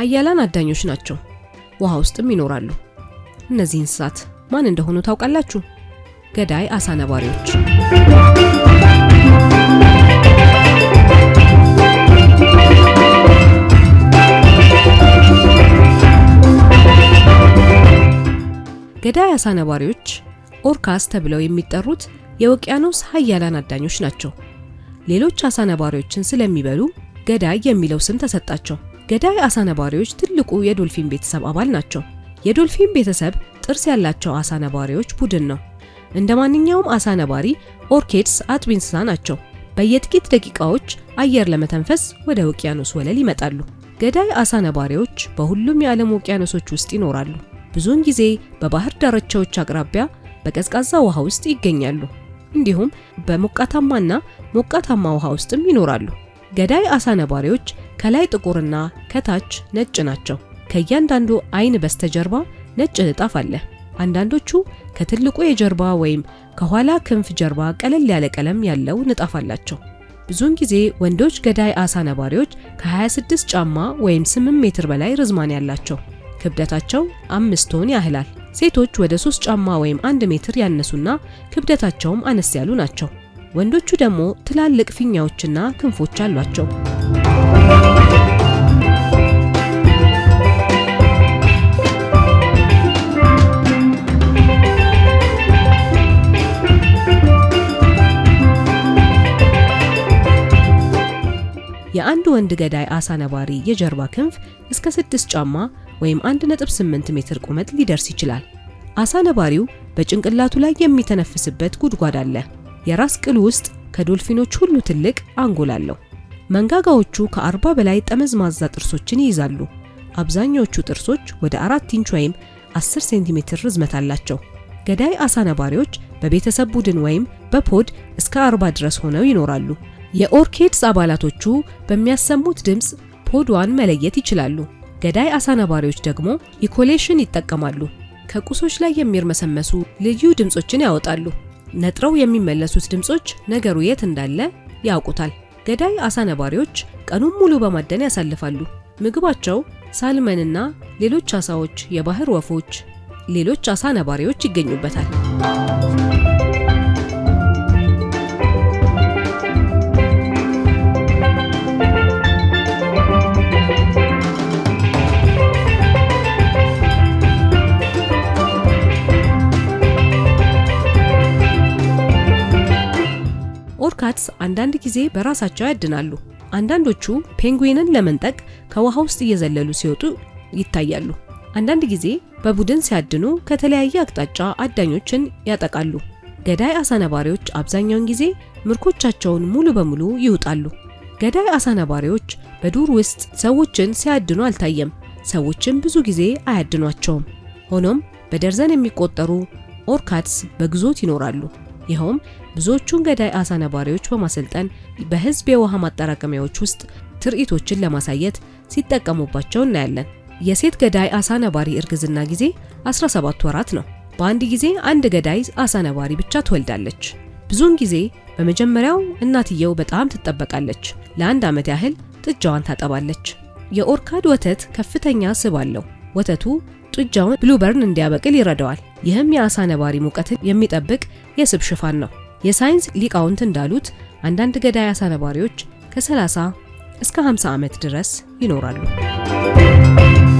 ሀያላን አዳኞች ናቸው። ውሃ ውስጥም ይኖራሉ። እነዚህ እንስሳት ማን እንደሆኑ ታውቃላችሁ? ገዳይ አሳ ነባሪዎች። ገዳይ አሳ ነባሪዎች ኦርካስ ተብለው የሚጠሩት የውቅያኖስ ሀያላን አዳኞች ናቸው። ሌሎች አሳ ነባሪዎችን ስለሚበሉ ገዳይ የሚለው ስም ተሰጣቸው። ገዳይ አሳ ነባሪዎች ትልቁ የዶልፊን ቤተሰብ አባል ናቸው። የዶልፊን ቤተሰብ ጥርስ ያላቸው አሳ ነባሪዎች ቡድን ነው። እንደ ማንኛውም አሳ ነባሪ ኦርኬድስ አጥቢ እንስሳ ናቸው። በየጥቂት ደቂቃዎች አየር ለመተንፈስ ወደ ውቅያኖስ ወለል ይመጣሉ። ገዳይ አሳ ነባሪዎች በሁሉም የዓለም ውቅያኖሶች ውስጥ ይኖራሉ። ብዙውን ጊዜ በባህር ዳርቻዎች አቅራቢያ በቀዝቃዛ ውሃ ውስጥ ይገኛሉ። እንዲሁም በሞቃታማና ሞቃታማ ውሃ ውስጥም ይኖራሉ። ገዳይ አሳ ነባሪዎች ከላይ ጥቁርና ከታች ነጭ ናቸው። ከእያንዳንዱ አይን በስተጀርባ ነጭ ንጣፍ አለ። አንዳንዶቹ ከትልቁ የጀርባ ወይም ከኋላ ክንፍ ጀርባ ቀለል ያለ ቀለም ያለው ንጣፍ አላቸው። ብዙውን ጊዜ ወንዶች ገዳይ አሳ ነባሪዎች ከ26 ጫማ ወይም 8 ሜትር በላይ ርዝማን ያላቸው፣ ክብደታቸው አምስት ቶን ያህላል። ሴቶች ወደ 3 ጫማ ወይም 1 ሜትር ያነሱና ክብደታቸውም አነስ ያሉ ናቸው። ወንዶቹ ደግሞ ትላልቅ ፊኛዎችና ክንፎች አሏቸው። የአንድ ወንድ ገዳይ አሳ ነባሪ የጀርባ ክንፍ እስከ 6 ጫማ ወይም 1.8 ሜትር ቁመት ሊደርስ ይችላል። አሳ ነባሪው በጭንቅላቱ ላይ የሚተነፍስበት ጉድጓድ አለ። የራስ ቅል ውስጥ ከዶልፊኖች ሁሉ ትልቅ አንጎል አለው። መንጋጋዎቹ ከአርባ በላይ ጠመዝማዛ ጥርሶችን ይይዛሉ። አብዛኛዎቹ ጥርሶች ወደ አራት ኢንች ወይም 10 ሴንቲሜትር ርዝመት አላቸው። ገዳይ አሳ ነባሪዎች በቤተሰብ ቡድን ወይም በፖድ እስከ 40 ድረስ ሆነው ይኖራሉ። የኦርኬድስ አባላቶቹ በሚያሰሙት ድምፅ ፖድዋን መለየት ይችላሉ። ገዳይ አሳ ነባሪዎች ደግሞ ኢኮሌሽን ይጠቀማሉ። ከቁሶች ላይ የሚርመሰመሱ ልዩ ድምፆችን ያወጣሉ። ነጥረው የሚመለሱት ድምጾች ነገሩ የት እንዳለ ያውቁታል። ገዳይ አሳ ነባሪዎች ቀኑን ሙሉ በማደን ያሳልፋሉ። ምግባቸው ሳልመንና ሌሎች አሳዎች፣ የባህር ወፎች፣ ሌሎች አሳ ነባሪዎች ይገኙበታል። ካትስ አንዳንድ ጊዜ በራሳቸው ያድናሉ። አንዳንዶቹ ፔንጉዊንን ለመንጠቅ ከውሃ ውስጥ እየዘለሉ ሲወጡ ይታያሉ። አንዳንድ ጊዜ በቡድን ሲያድኑ ከተለያየ አቅጣጫ አዳኞችን ያጠቃሉ። ገዳይ አሳ ነባሪዎች አብዛኛውን ጊዜ ምርኮቻቸውን ሙሉ በሙሉ ይውጣሉ። ገዳይ አሳ ነባሪዎች በዱር ውስጥ ሰዎችን ሲያድኑ አልታየም። ሰዎችን ብዙ ጊዜ አያድኗቸውም። ሆኖም በደርዘን የሚቆጠሩ ኦርካትስ በግዞት ይኖራሉ። ይኸውም ብዙዎቹን ገዳይ አሳ ነባሪዎች በማሰልጠን በህዝብ የውሃ ማጠራቀሚያዎች ውስጥ ትርኢቶችን ለማሳየት ሲጠቀሙባቸው እናያለን። የሴት ገዳይ አሳ ነባሪ እርግዝና ጊዜ 17 ወራት ነው። በአንድ ጊዜ አንድ ገዳይ አሳ ነባሪ ብቻ ትወልዳለች። ብዙውን ጊዜ በመጀመሪያው እናትየው በጣም ትጠበቃለች። ለአንድ ዓመት ያህል ጥጃዋን ታጠባለች። የኦርካድ ወተት ከፍተኛ ስብ አለው። ወተቱ ጥጃውን ብሉበርን እንዲያበቅል ይረዳዋል። ይህም የአሳ ነባሪ ሙቀትን የሚጠብቅ የስብ ሽፋን ነው። የሳይንስ ሊቃውንት እንዳሉት አንዳንድ ገዳይ አሳ ነባሪዎች ከ30 እስከ 50 ዓመት ድረስ ይኖራሉ።